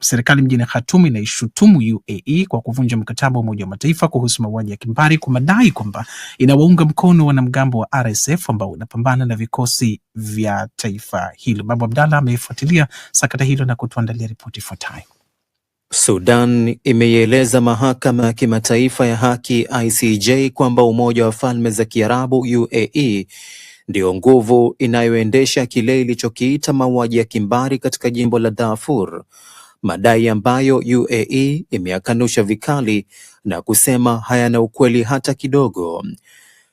Serikali mjini Khartoum inaishutumu UAE kwa kuvunja mkataba wa Umoja wa Mataifa kuhusu mauaji ya kimbari kwa madai kwamba inawaunga mkono wanamgambo wa RSF ambao unapambana na vikosi vya taifa hilo. Babu Abdalla amefuatilia sakata hilo na kutuandalia ripoti ifuatayo. Sudan imeieleza mahakama ya kimataifa ya haki ICJ kwamba Umoja wa Falme za Kiarabu UAE ndiyo nguvu inayoendesha kile ilichokiita mauaji ya kimbari katika jimbo la Darfur madai ambayo UAE imeyakanusha vikali na kusema hayana ukweli hata kidogo.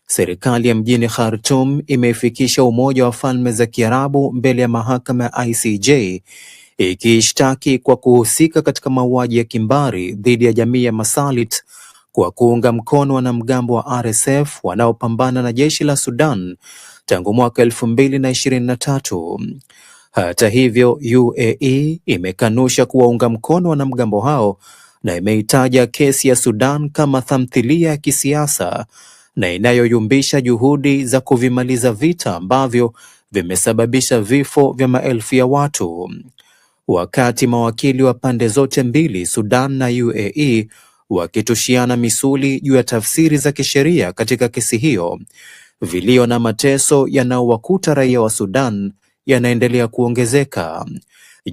Serikali ya mjini Khartoum imeifikisha Umoja wa Falme za Kiarabu mbele ya mahakama ya ICJ ikiishtaki kwa kuhusika katika mauaji ya kimbari dhidi ya jamii ya Masalit kwa kuunga mkono wanamgambo wa RSF wanaopambana na jeshi la Sudan tangu mwaka elfu mbili na ishirini na tatu. Hata hivyo, UAE imekanusha kuwaunga mkono wanamgambo hao na imeitaja kesi ya Sudan kama tamthilia ya kisiasa na inayoyumbisha juhudi za kuvimaliza vita ambavyo vimesababisha vifo vya maelfu ya watu. Wakati mawakili wa pande zote mbili, Sudan na UAE, wakitushiana misuli juu ya tafsiri za kisheria katika kesi hiyo, vilio na mateso yanayowakuta raia wa Sudan yanaendelea kuongezeka.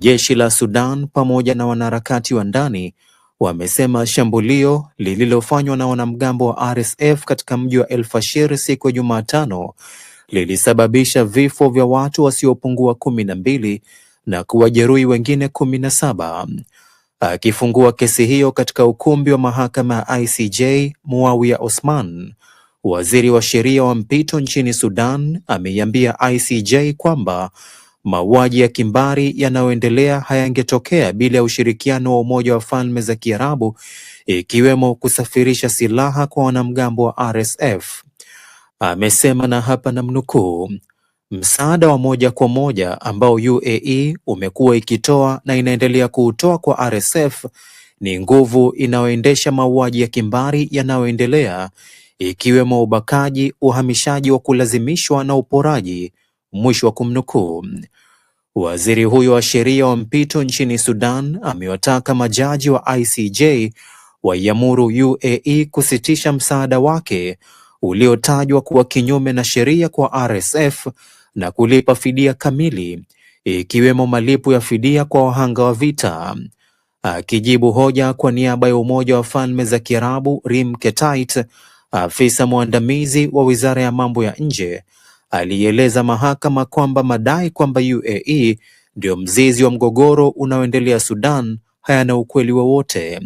Jeshi la Sudan pamoja na wanaharakati wa ndani wamesema shambulio lililofanywa na wanamgambo wa RSF katika mji wa El Fasher siku ya Jumatano lilisababisha vifo vya watu wasiopungua kumi na mbili na kuwajeruhi wengine kumi na saba. Akifungua kesi hiyo katika ukumbi wa mahakama ya ICJ, Muawiya Osman Waziri wa sheria wa mpito nchini Sudan ameiambia ICJ kwamba mauaji ya kimbari yanayoendelea hayangetokea bila ya ushirikiano wa Umoja wa Falme za Kiarabu, ikiwemo kusafirisha silaha kwa wanamgambo wa RSF. Amesema na hapa namnukuu, msaada wa moja kwa moja ambao UAE umekuwa ikitoa na inaendelea kuutoa kwa RSF ni nguvu inayoendesha mauaji ya kimbari yanayoendelea ikiwemo ubakaji, uhamishaji wa kulazimishwa na uporaji, mwisho wa kumnukuu. Waziri huyo wa sheria wa mpito nchini Sudan amewataka majaji wa ICJ waiamuru UAE kusitisha msaada wake uliotajwa kuwa kinyume na sheria kwa RSF na kulipa fidia kamili ikiwemo malipo ya fidia kwa wahanga wa vita. Akijibu hoja kwa niaba ya Umoja wa Falme za Kiarabu, Rim Ketait Afisa mwandamizi wa Wizara ya Mambo ya Nje alieleza mahakama kwamba madai kwamba UAE ndio mzizi wa mgogoro unaoendelea Sudan hayana ukweli wowote.